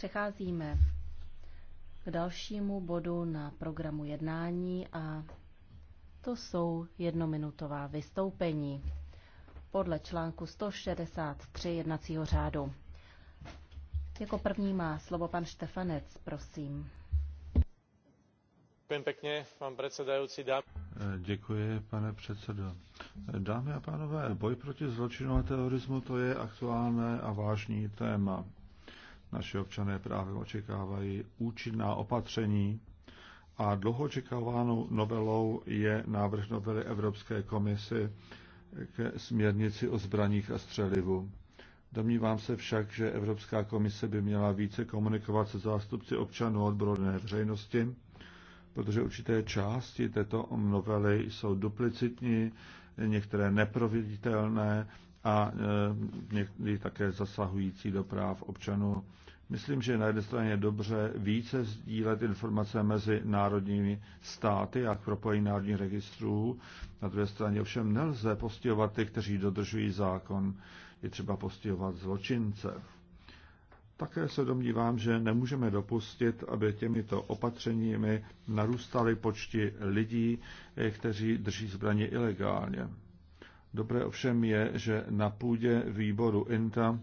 Přecházíme k dalšímu bodu na programu jednání a to jsou jednominutová vystoupení podle článku 163 jednacího řádu. Jako první má slovo pan Štefanec, prosím. Děkuji pěkně, pan předsedající. Dám... Děkuji, pane předsedo. Dámy a pánové, boj proti zločinu a terorismu to je aktuální a vážný téma naše občané právě očekávají účinná opatření a dlouho očekávanou novelou je návrh novely Evropské komisy k směrnici o zbraních a střelivu. Domnívám se však, že Evropská komise by měla více komunikovat se zástupci občanů odborné veřejnosti, protože určité části této novely jsou duplicitní, některé neproveditelné a e, někdy také zasahující do práv občanů. Myslím, že na jedné straně je dobře více sdílet informace mezi národními státy a propojení národních registrů. Na druhé straně ovšem nelze postihovat ty, kteří dodržují zákon. Je třeba postihovat zločince. Také se domnívám, že nemůžeme dopustit, aby těmito opatřeními narůstaly počty lidí, e, kteří drží zbraně ilegálně. Dobré ovšem je, že na půdě výboru INTA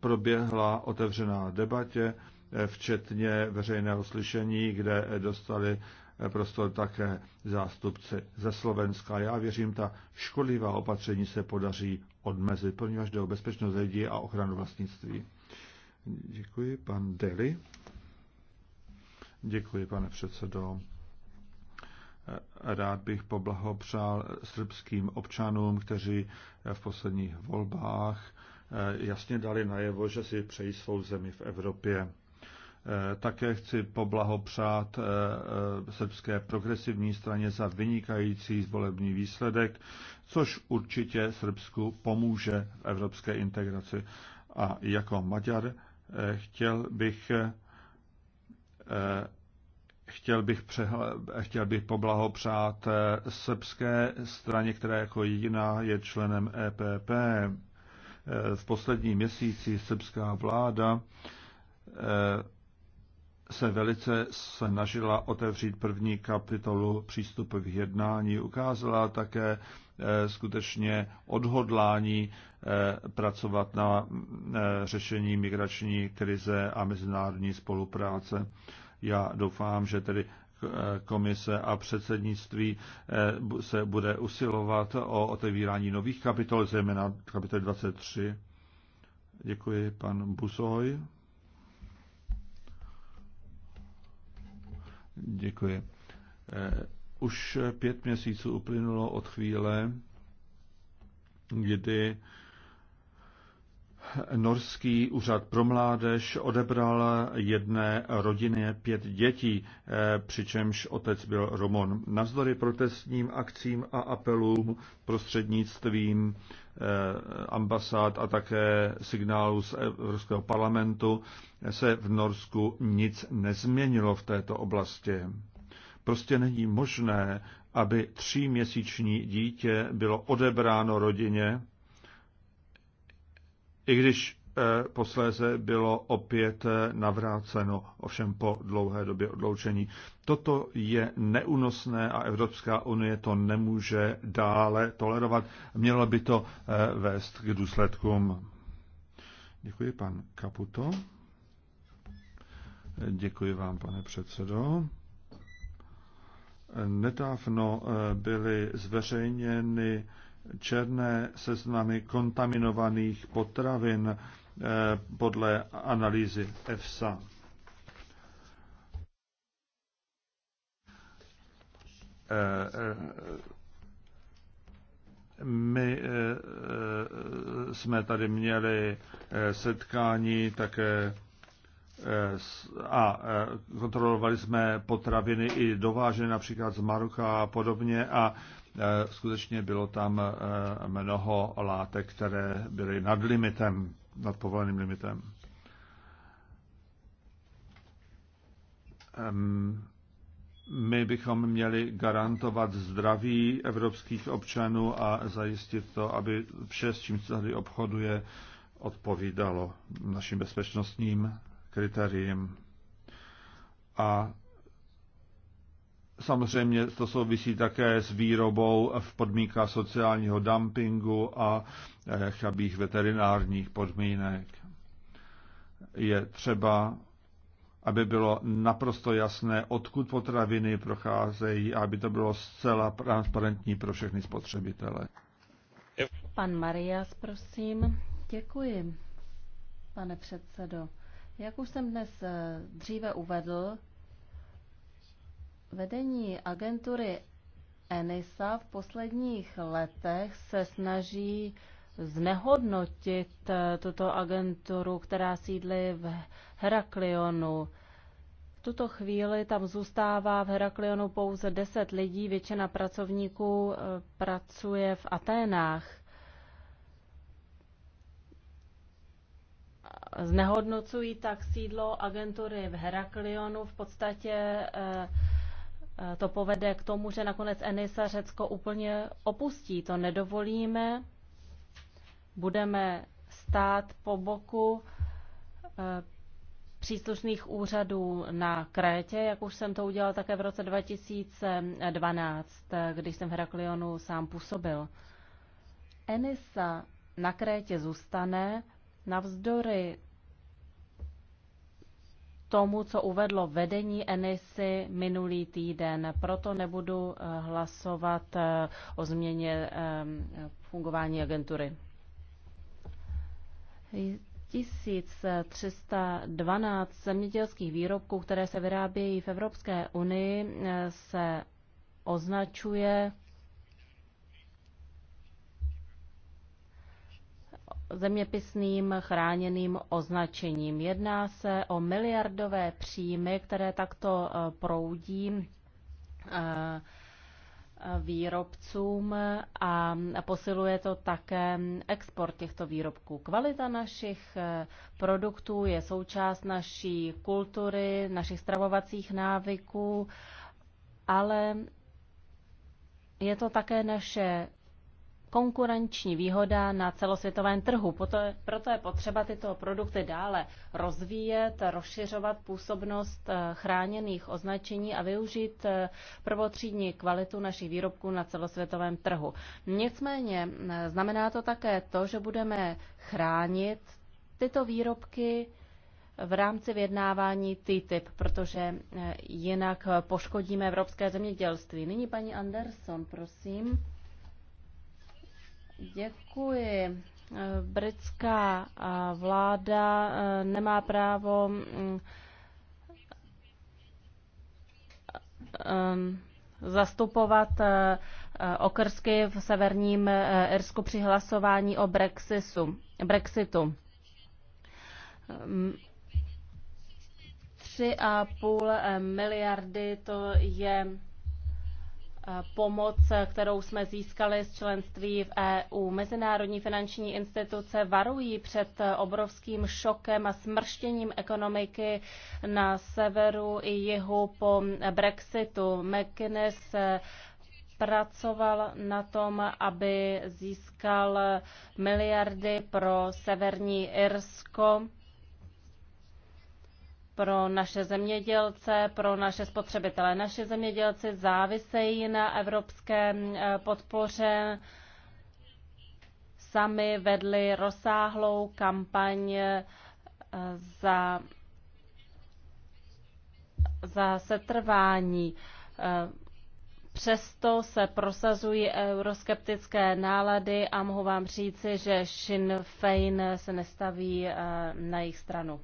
proběhla otevřená debatě, eh, včetně veřejného slyšení, kde eh, dostali eh, prostor také zástupci ze Slovenska. Já věřím, ta škodlivá opatření se podaří odmezit, poněvadž jde o bezpečnost lidí a ochranu vlastnictví. Děkuji, pan Deli. Děkuji, pane předsedo. Rád bych poblahopřál srbským občanům, kteří v posledních volbách eh, jasně dali najevo, že si přejí svou zemi v Evropě. Eh, také chci poblahopřát eh, srbské progresivní straně za vynikající volební výsledek, což určitě Srbsku pomůže v evropské integraci. A jako Maďar chtěl bych Chtěl bych, přehle, chtěl bych poblahopřát eh, srbské straně, která jako jediná je členem EPP. Eh, v posledním měsíci srbská vláda eh, se velice snažila otevřít první kapitolu přístupu k jednání. Ukázala také skutečně odhodlání pracovat na řešení migrační krize a mezinárodní spolupráce. Já doufám, že tedy eh, komise a předsednictví eh, se bude usilovat o otevírání nových kapitol, zejména kapitoly 23. Děkuji, pan Busoj. Děkuji. Eh, už pět měsíců uplynulo od chvíle, kdy Norský úřad pro mládež odebral jedné rodině pět dětí, eh, přičemž otec byl Romon. Navzdory protestním akcím a apelům prostřednictvím eh, ambasád a také signálu z Evropského parlamentu se v Norsku nic nezměnilo v této oblasti. Prostě není možné, aby tříměsíční dítě bylo odebráno rodině, i když eh, posléze bylo opět eh, navráceno, ovšem po dlouhé době odloučení. Toto je neunosné a Evropská unie to nemůže dále tolerovat. Mělo by to eh, vést k důsledkům. Děkuji, pan Kaputo. Děkuji vám, pane předsedo. Nedávno byly zveřejněny černé seznamy kontaminovaných potravin eh, podle analýzy EFSA. Eh, eh, my jsme tady měli setkání také a kontrolovali jsme potraviny i dovážené například z Maroka a podobně a Eh, skutečně bylo tam eh, mnoho látek, které byly nad limitem, nad povoleným limitem. My bychom měli garantovat zdraví evropských občanů a zajistit to, aby vše, s čím se tady obchoduje, odpovídalo našim bezpečnostním kritériím. A Samozřejmě to souvisí také s výrobou v podmínkách sociálního dumpingu a eh, chabých veterinárních podmínek. Je třeba, aby bylo naprosto jasné, odkud potraviny procházejí a aby to bylo zcela transparentní pro všechny spotřebitele. Pan Marias, prosím. Děkuji, pane předsedo. Jak už jsem dnes eh, dříve uvedl, Vedení agentury ENISA v posledních letech se snaží znehodnotit eh, tuto agenturu, která sídlí v Heraklionu. V tuto chvíli tam zůstává v Heraklionu pouze 10 lidí, většina pracovníků eh, pracuje v Aténách. Znehodnocují tak sídlo agentury v Heraklionu, v podstatě eh, Eh, to povede k tomu, že nakonec Enisa Řecko úplně opustí. To nedovolíme. Budeme stát po boku eh, příslušných úřadů na Krétě, jak už jsem to udělal také v roce 2012, eh, když jsem v Heraklionu sám působil. Enisa na Krétě zůstane navzdory tomu, co uvedlo vedení Enisy minulý týden. Proto nebudu eh, hlasovat eh, o změně eh, fungování agentury. 1312 zemědělských výrobků, které se vyrábějí v Evropské unii, se označuje zeměpisným chráněným označením. Jedná se o miliardové příjmy, které takto eh, proudí eh, výrobcům a posiluje to také export těchto výrobků. Kvalita našich eh, produktů je součást naší kultury, našich stravovacích návyků, ale je to také naše konkurenční výhoda na celosvětovém trhu. Proto je potřeba tyto produkty dále rozvíjet, rozšiřovat působnost eh, chráněných označení a využít eh, prvotřídní kvalitu našich výrobků na celosvětovém trhu. Nicméně mm, znamená to také to, že budeme chránit tyto výrobky v rámci vyjednávání TTIP, protože eh, jinak poškodíme evropské zemědělství. Nyní paní Anderson, prosím. Děkuji. Britská eh, vláda eh, nemá právo mm, eh, zastupovat okrsky v severním Irsku při hlasování o Brexisu, Brexitu. Mm, tři a půl miliardy to je Eh, pomoc, kterou jsme získali z členství v EU. Mezinárodní finanční instituce varují před eh, obrovským šokem a smrštěním ekonomiky na severu i jihu po Brexitu. McInnes eh, pracoval na tom, aby získal miliardy pro severní Irsko pro naše zemědělce, pro naše spotřebitele. Naše zemědělci závisejí na evropské eh, podpoře. Sami vedli rozsáhlou kampaň eh, za, za setrvání. Eh, přesto se prosazují euroskeptické nálady a mohu vám říci, že Sinn Fein se nestaví na jejich stranu.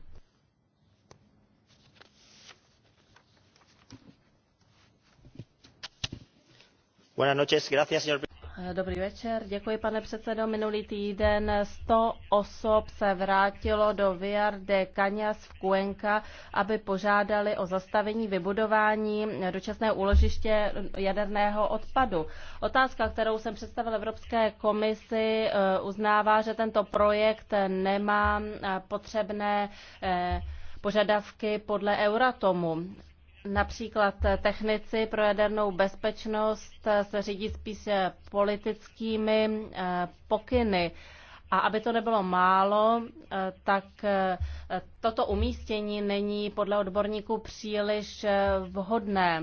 Eh, dobrý večer, děkuji pane předsedo. Minulý týden 100 osob se vrátilo do Villar de Cañas v Cuenca, aby požádali o zastavení vybudování dočasného úložiště jaderného odpadu. Otázka, kterou jsem představil Evropské komisi, eh, uznává, že tento projekt nemá eh, potřebné požadavky podle Euratomu. Například technici pro jadernou bezpečnost se řídí spíše politickými eh, pokyny. A aby to nebylo málo, eh, tak eh, toto umístění není podle odborníků příliš vhodné.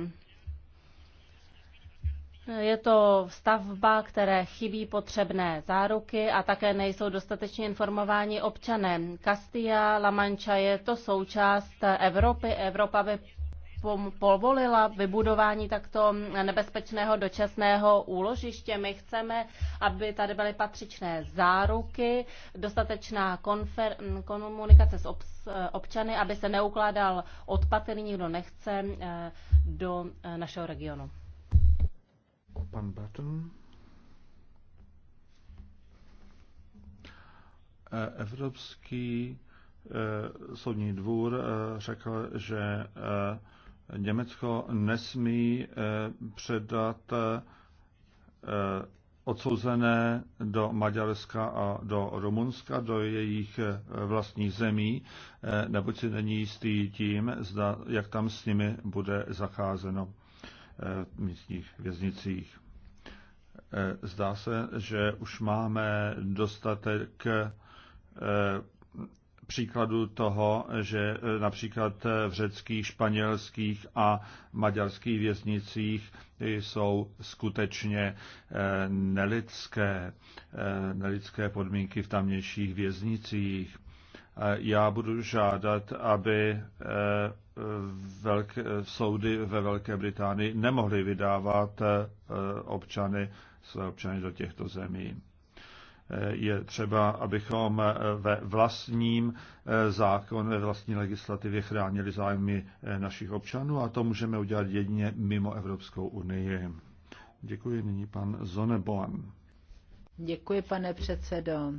Je to stavba, které chybí potřebné záruky a také nejsou dostatečně informováni občané. Castilla, La Mancha je to součást Evropy. Evropa by povolila vybudování takto nebezpečného dočasného úložiště. My chceme, aby tady byly patřičné záruky, dostatečná konfer, komunikace s obs, občany, aby se neukládal odpad, který nikdo nechce, eh, do eh, našeho regionu. Pan Barton. Eh, Evropský soudní dvůr řekl, že Německo nesmí eh, předat eh, odsouzené do Maďarska a do Rumunska, do jejich eh, vlastních zemí, neboť si není jistý tím, zda, jak tam s nimi bude zacházeno v místních věznicích. Zdá se, že už máme dostatek příkladu toho, že e, například e, v řeckých, španělských a maďarských věznicích jsou skutečně e, nelidské, nelidské podmínky v tamnějších věznicích. Já budu žádat, aby velké, soudy ve Velké Británii nemohly vydávat občany, své občany do těchto zemí je třeba, abychom ve vlastním eh, zákon, ve vlastní legislativě chránili zájmy eh, našich občanů a to můžeme udělat jedině mimo Evropskou unii. Děkuji nyní pan Zoneboan. Děkuji, pane předsedo.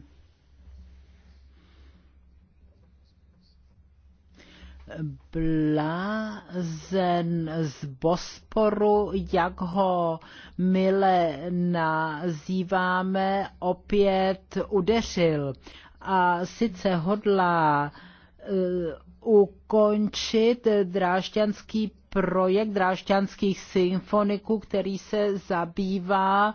blázen z Bosporu, jak ho mile nazýváme, opět udeřil. A sice hodlá eh, ukončit drážďanský projekt drážďanských symfoniků, který se zabývá e,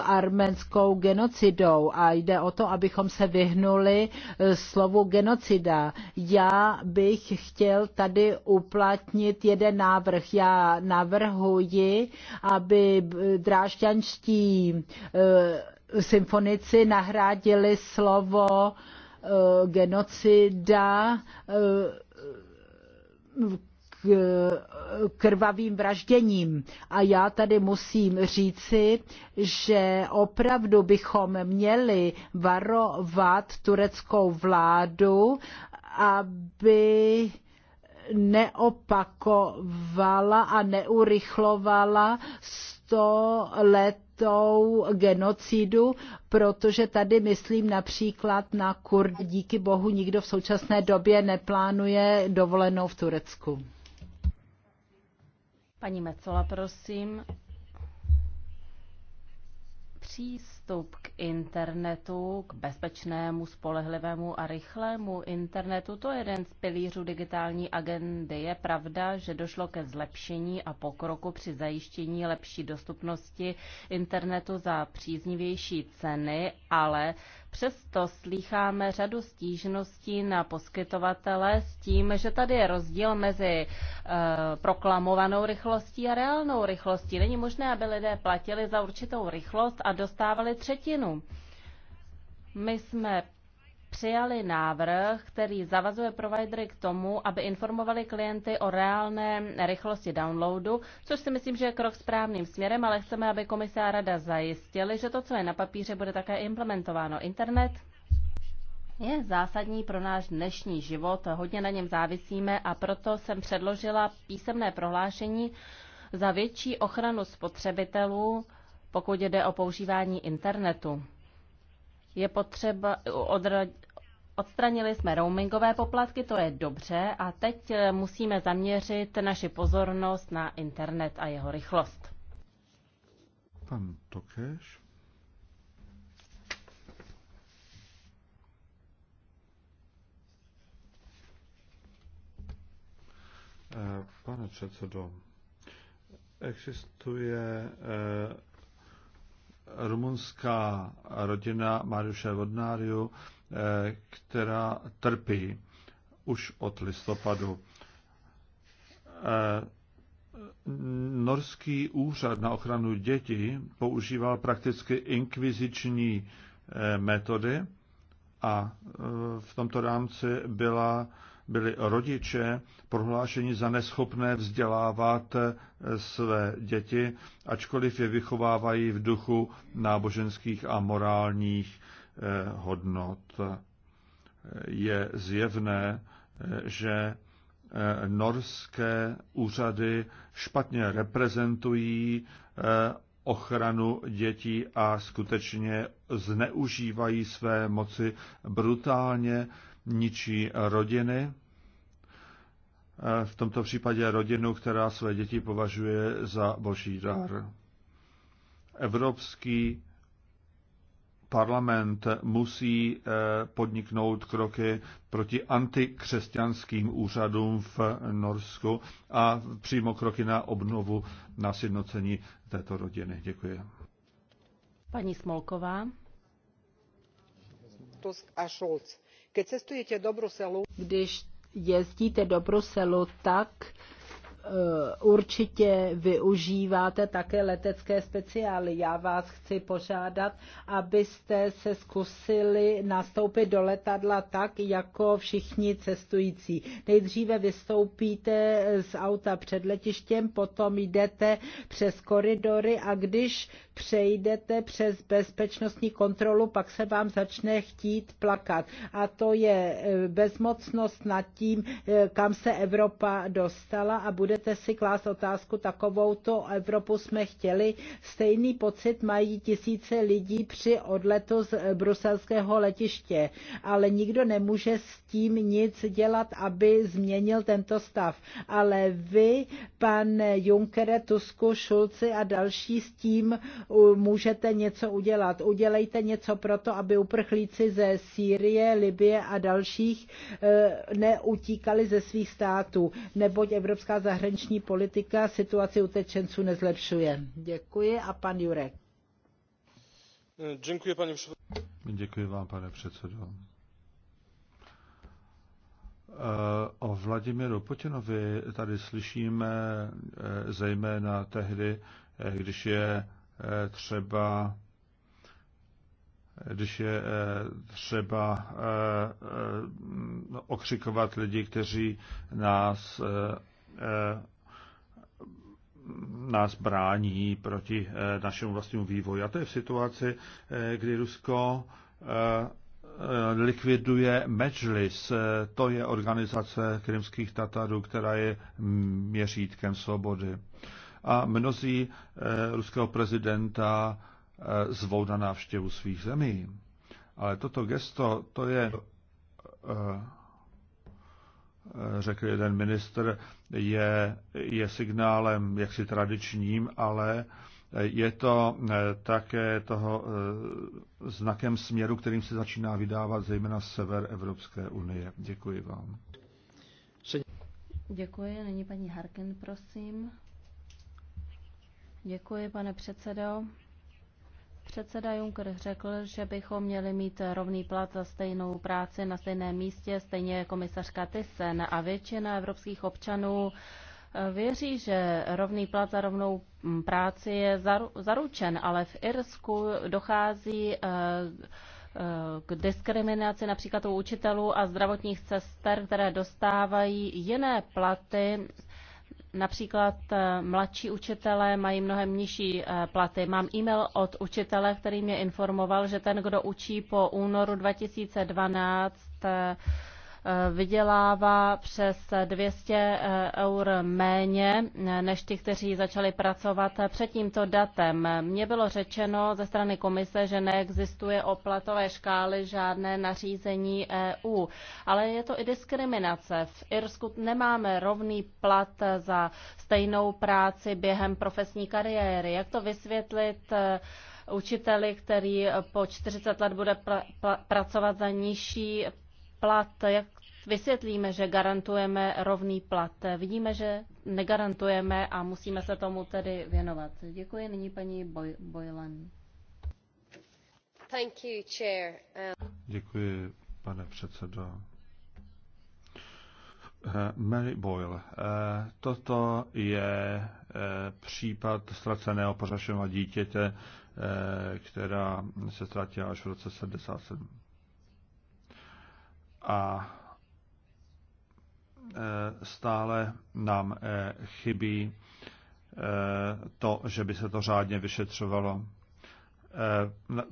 arménskou genocidou a jde o to, abychom se vyhnuli e, slovu genocida. Já bych chtěl tady uplatnit jeden návrh. Já navrhuji, aby drážďanští e, symfonici nahrádili slovo genocida krvavým vražděním. A já tady musím říci, že opravdu bychom měli varovat tureckou vládu, aby neopakovala a neurychlovala sto letou genocidu, protože tady myslím například na Kurdy. Díky bohu nikdo v současné době neplánuje dovolenou v Turecku. Paní Mecola, prosím. Přístup k internetu, k bezpečnému, spolehlivému a rychlému internetu, to je jeden z pilířů digitální agendy. Je pravda, že došlo ke zlepšení a pokroku při zajištění lepší dostupnosti internetu za příznivější ceny, ale Přesto slýcháme řadu stížností na poskytovatele s tím, že tady je rozdíl mezi e, proklamovanou rychlostí a reálnou rychlostí. Není možné, aby lidé platili za určitou rychlost a dostávali třetinu. My jsme přijali návrh, který zavazuje providery k tomu, aby informovali klienty o reálné rychlosti downloadu, což si myslím, že je krok správným směrem, ale chceme, aby komise a rada zajistili, že to, co je na papíře, bude také implementováno. Internet je zásadní pro náš dnešní život, hodně na něm závisíme a proto jsem předložila písemné prohlášení za větší ochranu spotřebitelů, pokud jde o používání internetu je potřeba, odra, odstranili jsme roamingové poplatky, to je dobře, a teď eh, musíme zaměřit naši pozornost na internet a jeho rychlost. Pan Tokeš. Eh, pane předsedo, existuje eh, rumunská rodina Mariuše Vodnáriu, eh, která trpí už od listopadu. Eh, norský úřad na ochranu dětí používal prakticky inkviziční eh, metody a v tomto rámci byla byli rodiče prohlášeni za neschopné vzdělávat eh, své děti, ačkoliv je vychovávají v duchu náboženských a morálních eh, hodnot. Eh, je zjevné, že norské úřady špatně reprezentují ochranu dětí a skutečně zneužívají své moci brutálně ničí rodiny, v tomto případě rodinu, která své děti považuje za boží dar. Evropský parlament musí eh, podniknout kroky proti antikřesťanským úřadům v Norsku a přímo kroky na obnovu, na sjednocení této rodiny. Děkuji. Paní Smolková. Tusk a Schulz když jezdíte do Bruselu, tak Eh, určitě využíváte také letecké speciály. Já vás chci požádat, abyste se zkusili nastoupit do letadla tak, jako všichni cestující. Nejdříve vystoupíte z auta před letištěm, potom jdete přes koridory a když přejdete přes bezpečnostní kontrolu, pak se vám začne chtít plakat. A to je eh, bezmocnost nad tím, eh, kam se Evropa dostala a bude budete si klást otázku, takovou to Evropu jsme chtěli. Stejný pocit mají tisíce lidí při odletu z eh, bruselského letiště, ale nikdo nemůže s tím nic dělat, aby změnil tento stav. Ale vy, pane Junkere, Tusku, Šulci a další s tím můžete něco udělat. Udělejte něco pro to, aby uprchlíci ze Sýrie, Libie a dalších eh, neutíkali ze svých států, neboť Evropská zahraničí zahraniční politika situaci utečenců nezlepšuje. Děkuji a pan Jurek. Děkuji, paní Děkuji vám, pane předsedo. Eh, o Vladimiru Putinovi tady slyšíme eh, zejména tehdy, eh, když je třeba když je třeba okřikovat lidi, kteří nás Eh, nás brání proti eh, našemu vlastnímu vývoji. A to je v situaci, eh, kdy Rusko likviduje Medžlis. To je organizace krymských Tatarů, která je měřítkem svobody. A mnozí ruského prezidenta zvou na návštěvu svých zemí. Ale toto gesto, to je řekl jeden ministr, je, je signálem jaksi tradičním, ale je to eh, také toho eh, znakem směru, kterým se začíná vydávat zejména sever Evropské unie. Děkuji vám. Děkuji. Není paní Harkin, prosím. Děkuji, pane předsedo. Předseda Juncker řekl, že bychom měli mít rovný plat za stejnou práci na stejném místě, stejně jako komisařka Thyssen a většina evropských občanů eh, věří, že rovný plat za rovnou mm, práci je zaručen, ale v Irsku dochází eh, eh, k diskriminaci například u učitelů a zdravotních sester, které dostávají jiné platy Například eh, mladší učitelé mají mnohem nižší eh, platy. Mám e-mail od učitele, který mě informoval, že ten, kdo učí po únoru 2012, vydělává přes 200 eh, eur méně eh, než ti, kteří začali pracovat eh, před tímto datem. Mně bylo řečeno ze strany komise, že neexistuje o platové škály žádné nařízení EU, ale je to i diskriminace. V Irsku nemáme rovný plat za stejnou práci během profesní kariéry. Jak to vysvětlit učiteli, který po 40 let bude pra- pra- pracovat za nižší plat, jak vysvětlíme, že garantujeme rovný plat. Vidíme, že negarantujeme a musíme se tomu tedy věnovat. Děkuji nyní paní Boj- Boylan. Thank you, chair. Um... Děkuji, pane předsedo. Eh, Mary Boyle. Eh, toto je eh, případ ztraceného pořašeného dítěte, která se ztratila až v roce 77. A Eh, stále nám eh, chybí eh, to, že by se to řádně vyšetřovalo.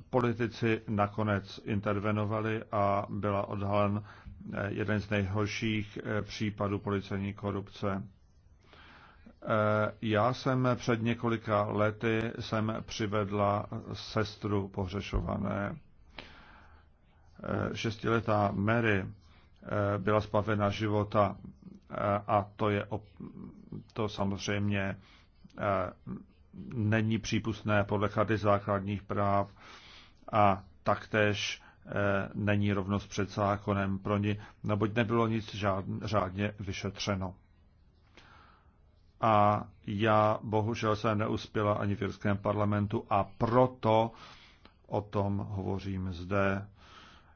Politici nakonec intervenovali a byla odhalen jeden z nejhorších případů policejní korupce. Já jsem před několika lety jsem přivedla sestru pohřešované. Šestiletá Mary Eh, byla zbavena života eh, a to je to samozřejmě eh, není přípustné podle charty základních práv a taktéž není rovnost před zákonem pro ní, neboť nebylo nic řádně vyšetřeno. A já bohužel se neuspěla ani v jirském parlamentu a proto o tom hovořím zde.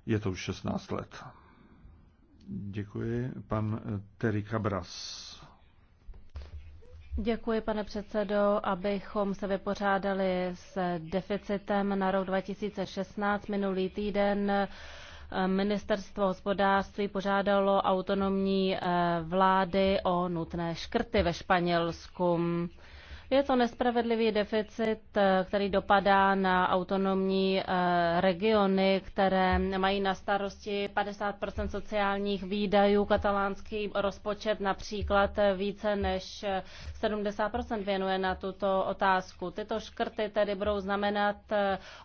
Je to už 16 let. Děkuji. Pan eh, Terry Cabras. Děkuji, pane předsedo. Abychom se vypořádali s deficitem na rok 2016 minulý týden, eh, Ministerstvo hospodářství požádalo autonomní eh, vlády o nutné škrty ve Španělsku. Je to nespravedlivý deficit, eh, který dopadá na autonomní eh, regiony, které mají na starosti 50 sociálních výdajů. Katalánský rozpočet například více než 70 eh, věnuje na tuto otázku. Tyto škrty tedy budou znamenat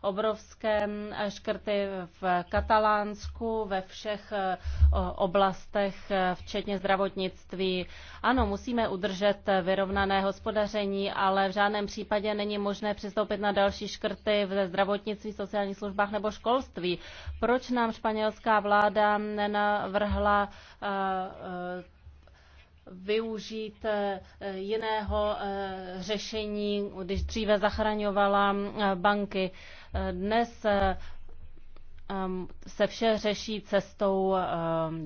obrovské škrty v Katalánsku, ve všech oblastech, včetně zdravotnictví. Ano, musíme udržet vyrovnané hospodaření ale v žádném případě není možné přistoupit na další škrty ve zdravotnictví, sociálních službách nebo školství. Proč nám španělská vláda nenavrhla eh, eh, využít eh, jiného řešení, když dříve zachraňovala banky. Dnes se vše řeší cestou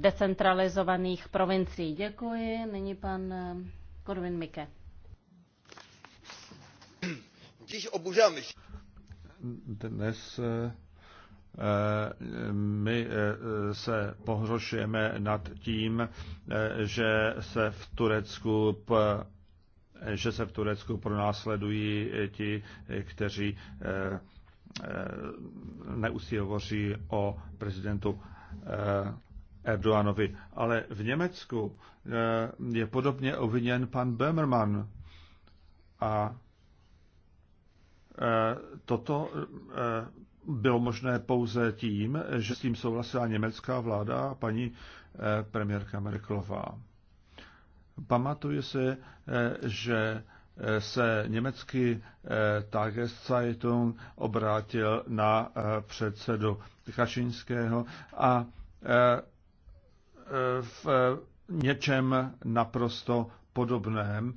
decentralizovaných provincií. Děkuji. Nyní pan Korvin Mike. Dnes eh, eh, my eh, se pohrošujeme nad tím, že se v Turecku že se v Turecku pronásledují ti, kteří neustí hovoří o prezidentu Erdoganovi. Ale v Německu je podobně oviněn pan Böhmermann a Eh, toto eh, bylo možné pouze tím, že s tím souhlasila německá vláda a paní eh, premiérka Merkelová. Pamatuje se, že se německý Tageszeitung obrátil na předsedu Kačinského a v něčem naprosto podobném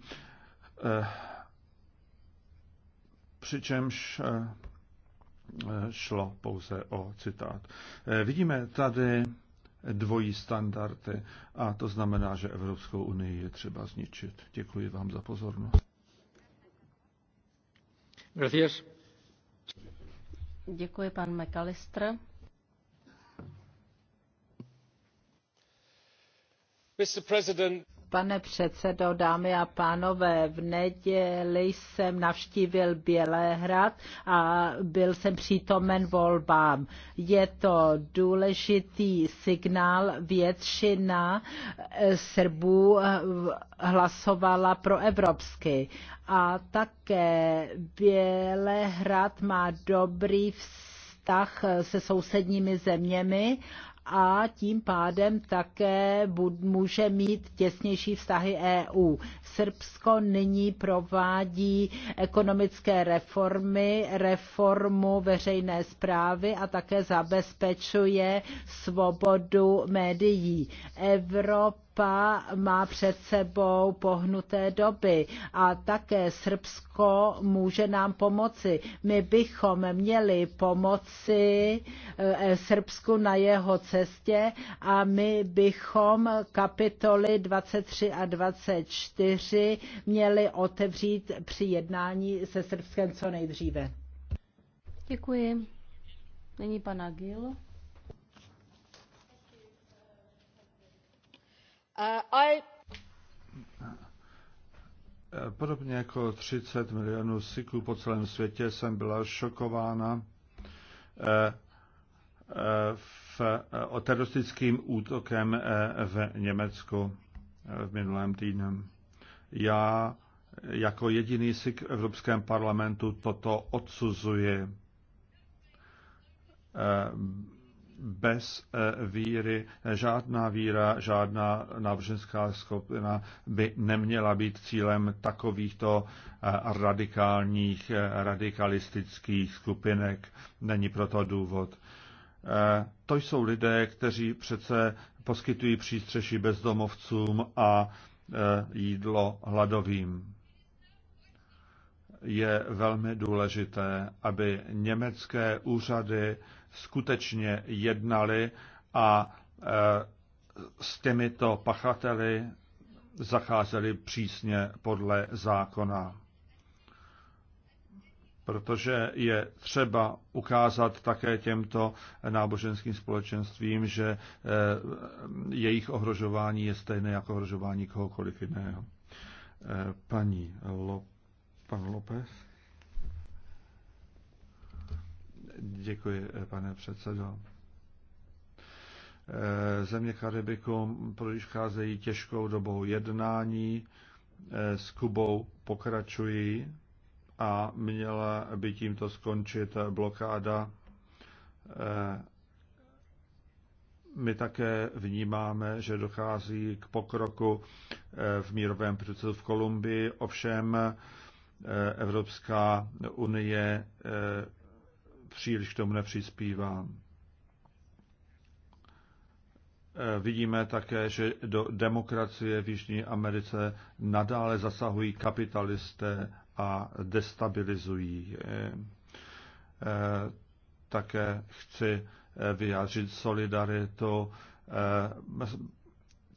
přičemž eh, eh, šlo pouze o citát. Eh, vidíme tady dvojí standardy a to znamená, že Evropskou unii je třeba zničit. Děkuji vám za pozornost. Gracias. Děkuji, pan McAllister. Mr. President. Pane předsedo, dámy a pánové, v neděli jsem navštívil Bělehrad a byl jsem přítomen volbám. Je to důležitý signál, většina Srbů hlasovala pro evropsky. A také Bělehrad má dobrý vztah se sousedními zeměmi a tím pádem také může mít těsnější vztahy EU. Srbsko nyní provádí ekonomické reformy, reformu veřejné zprávy a také zabezpečuje svobodu médií. Evropa Evropa má před sebou pohnuté doby a také Srbsko může nám pomoci. My bychom měli pomoci eh, Srbsku na jeho cestě a my bychom kapitoly 23 a 24 měli otevřít při jednání se Srbskem co nejdříve. Děkuji. Není pan Agil. Uh, Podobně jako 30 milionů Siků po celém světě jsem byla šokována eh, eh, v, eh, teroristickým útokem v Německu v minulém týdnu. Já jako jediný Sik v Evropském parlamentu toto odsuzuji bez eh, víry eh, žádná víra, žádná náboženská skupina by neměla být cílem takovýchto eh, radikálních, radikalistických skupinek. Není proto důvod. To jsou lidé, kteří přece poskytují přístřeší bezdomovcům a jídlo hladovým je velmi důležité, aby německé úřady skutečně jednaly a e, s těmito pachateli zacházeli přísně podle zákona. Protože je třeba ukázat také těmto náboženským společenstvím, že e, jejich ohrožování je stejné jako ohrožování kohokoliv jiného. E, paní Lop Pan López, Děkuji, pane předsedo. Eh, země Karibiku prochází těžkou dobou jednání, eh, s Kubou pokračují a měla by tímto skončit blokáda. Eh, my také vnímáme, že dochází k pokroku v mírovém procesu v Kolumbii, ovšem Eh, Evropská unie eh, příliš k tomu nepřispívá. Eh, vidíme také, že do demokracie v Jižní Americe nadále zasahují kapitalisté a destabilizují. Také chci vyjádřit solidaritu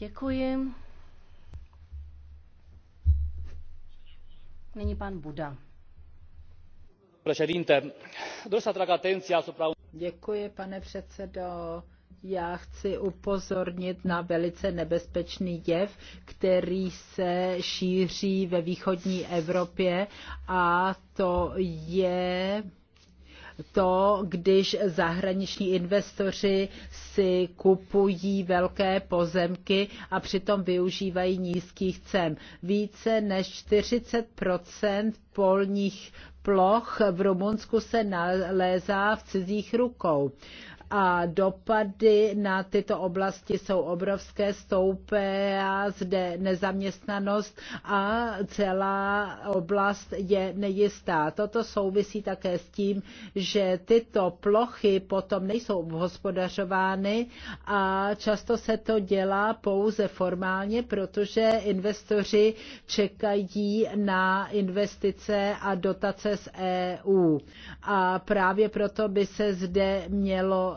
Děkuji. Nyní pan Buda. Děkuji, pane předsedo. Já chci upozornit na velice nebezpečný jev, který se šíří ve východní Evropě a to je to, když zahraniční investoři si kupují velké pozemky a přitom využívají nízkých cen. Více než 40 polních ploch v Rumunsku se nalézá v cizích rukou a dopady na tyto oblasti jsou obrovské, a zde nezaměstnanost a celá oblast je nejistá. Toto souvisí také s tím, že tyto plochy potom nejsou obhospodařovány a často se to dělá pouze formálně, protože investoři čekají na investice a dotace z EU. A právě proto by se zde mělo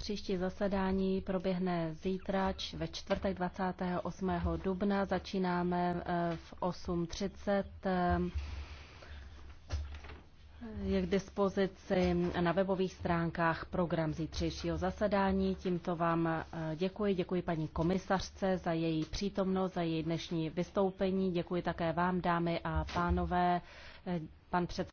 Příští zasedání proběhne zítra, ve čtvrtek 28. dubna. Začínáme eh, v 8.30. Eh, je k dispozici na webových stránkách program zítřejšího zasedání. Tímto vám eh, děkuji. Děkuji paní komisařce za její přítomnost, za její dnešní vystoupení. Děkuji také vám, dámy a pánové. Pan předseda.